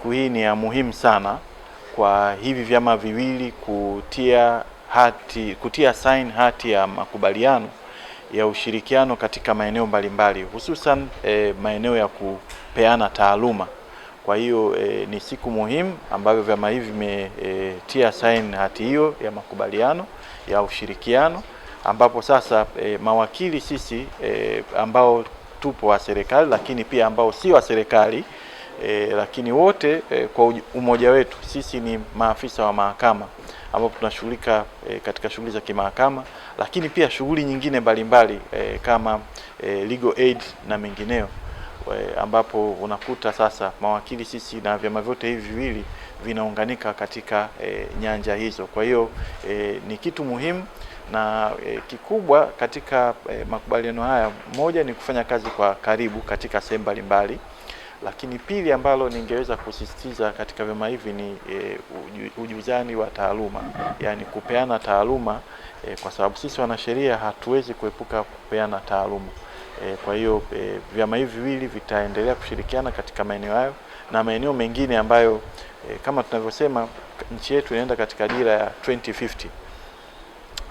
siku hii ni ya muhimu sana kwa hivi vyama viwili kutia hati, kutia sign hati ya makubaliano ya ushirikiano katika maeneo mbalimbali hususan e, maeneo ya kupeana taaluma. Kwa hiyo e, ni siku muhimu ambayo vyama hivi vimetia e, sign hati hiyo ya makubaliano ya ushirikiano ambapo sasa e, mawakili sisi e, ambao tupo wa serikali lakini pia ambao si wa serikali e, lakini wote e, kwa umoja wetu sisi ni maafisa wa mahakama ambapo tunashughulika e, katika shughuli za kimahakama, lakini pia shughuli nyingine mbalimbali e, kama e, legal aid na mengineo e, ambapo unakuta sasa mawakili sisi na vyama vyote hivi viwili vinaunganika katika e, nyanja hizo. Kwa hiyo e, ni kitu muhimu na e, kikubwa katika e, makubaliano haya, moja ni kufanya kazi kwa karibu katika sehemu mbalimbali. Lakini pili ambalo ningeweza kusisitiza katika vyama hivi ni e, ujuzani wa taaluma, yani kupeana taaluma e, kwa sababu sisi wanasheria hatuwezi kuepuka kupeana taaluma e, kwa hiyo e, vyama hivi viwili vitaendelea kushirikiana katika maeneo hayo na maeneo mengine ambayo e, kama tunavyosema nchi yetu inaenda katika dira ya 2050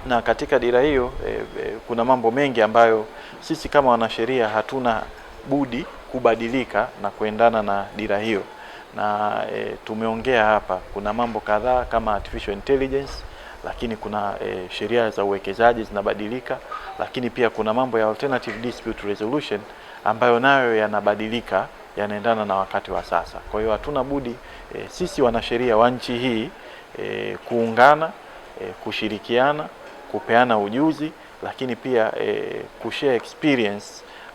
na katika dira hiyo e, e, kuna mambo mengi ambayo sisi kama wanasheria hatuna budi kubadilika na kuendana na dira hiyo, na e, tumeongea hapa, kuna mambo kadhaa kama artificial intelligence, lakini kuna e, sheria za uwekezaji zinabadilika, lakini pia kuna mambo ya alternative dispute resolution ambayo nayo yanabadilika yanaendana na wakati wa sasa. Kwa hiyo hatuna budi e, sisi wanasheria wa nchi hii e, kuungana e, kushirikiana, kupeana ujuzi, lakini pia e, kushare experience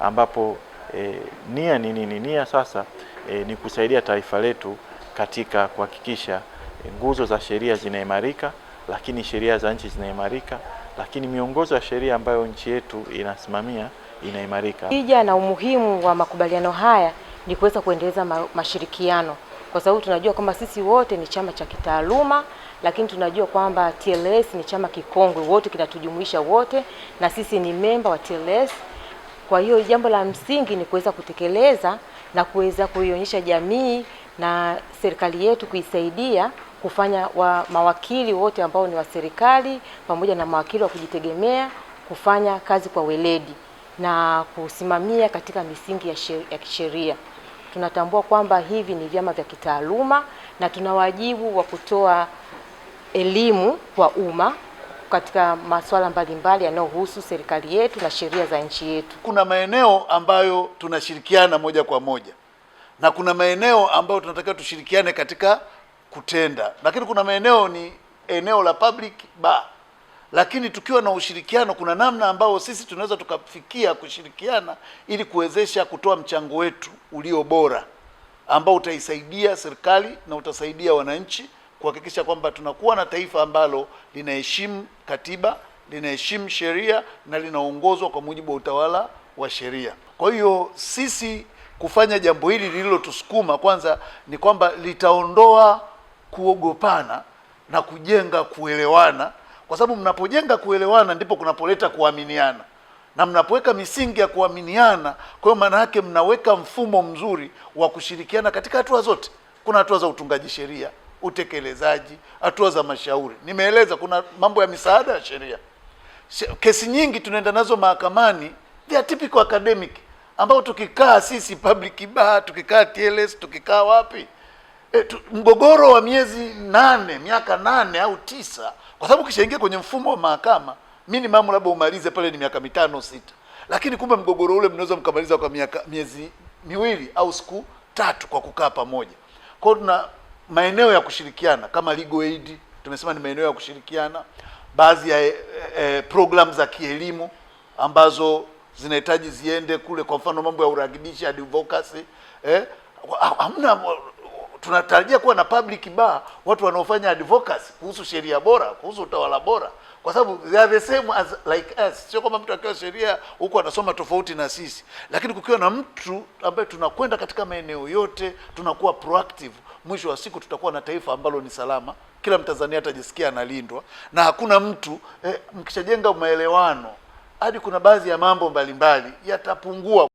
ambapo E, nia ni nini? Nia sasa e, ni kusaidia taifa letu katika kuhakikisha e, nguzo za sheria zinaimarika, lakini sheria za nchi zinaimarika, lakini miongozo ya sheria ambayo nchi yetu inasimamia inaimarika. Tija na umuhimu wa makubaliano haya ni kuweza kuendeleza ma mashirikiano kwa sababu tunajua kwamba sisi wote ni chama cha kitaaluma, lakini tunajua kwamba TLS ni chama kikongwe, wote kinatujumuisha wote, na sisi ni memba wa TLS. Kwa hiyo jambo la msingi ni kuweza kutekeleza na kuweza kuionyesha jamii na serikali yetu kuisaidia kufanya wa mawakili wote ambao ni wa serikali pamoja na mawakili wa kujitegemea kufanya kazi kwa weledi na kusimamia katika misingi ya, ya kisheria. Tunatambua kwamba hivi ni vyama vya kitaaluma na tuna wajibu wa kutoa elimu kwa umma katika masuala mbalimbali yanayohusu serikali yetu na sheria za nchi yetu. Kuna maeneo ambayo tunashirikiana moja kwa moja na kuna maeneo ambayo tunatakiwa tushirikiane katika kutenda, lakini kuna maeneo ni eneo la public ba, lakini tukiwa na ushirikiano, kuna namna ambayo sisi tunaweza tukafikia kushirikiana ili kuwezesha kutoa mchango wetu ulio bora ambao utaisaidia serikali na utasaidia wananchi kuhakikisha kwamba tunakuwa na taifa ambalo linaheshimu katiba, linaheshimu sheria na linaongozwa kwa mujibu wa utawala wa sheria. Kwa hiyo sisi kufanya jambo hili lililotusukuma kwanza ni kwamba litaondoa kuogopana na kujenga kuelewana, kwa sababu mnapojenga kuelewana ndipo kunapoleta kuaminiana, na mnapoweka misingi ya kuaminiana, kwa hiyo maana yake mnaweka mfumo mzuri wa kushirikiana katika hatua zote. Kuna hatua za utungaji sheria utekelezaji, hatua za mashauri. Nimeeleza kuna mambo ya misaada ya sheria. Kesi nyingi tunaenda nazo mahakamani, vya typical academic, ambao tukikaa sisi public bar, tukikaa TLS, tukikaa wapi E, tu, mgogoro wa miezi nane miaka nane au tisa, kwa sababu kishaingia kwenye mfumo wa mahakama mamu labda umalize pale ni miaka mitano sita, lakini kumbe mgogoro ule mnaweza mkamaliza kwa miaka miezi miwili au siku tatu kwa kukaa pamoja. Kwa hiyo tuna maeneo ya kushirikiana kama legal aid tumesema ni maeneo ya kushirikiana, baadhi ya eh, eh, programu za kielimu ambazo zinahitaji ziende kule, kwa mfano mambo ya uragibishi advocacy, eh, hamna tunatarajia kuwa na public bar, watu wanaofanya advocacy kuhusu sheria bora, kuhusu utawala bora, kwa sababu they are the same as like us. Sio kwamba mtu akiwa sheria huko anasoma tofauti na sisi, lakini kukiwa na mtu ambaye tunakwenda katika maeneo yote, tunakuwa proactive mwisho wa siku tutakuwa na taifa ambalo ni salama, kila Mtanzania atajisikia analindwa na hakuna mtu eh. Mkishajenga maelewano, hadi kuna baadhi ya mambo mbalimbali yatapungua.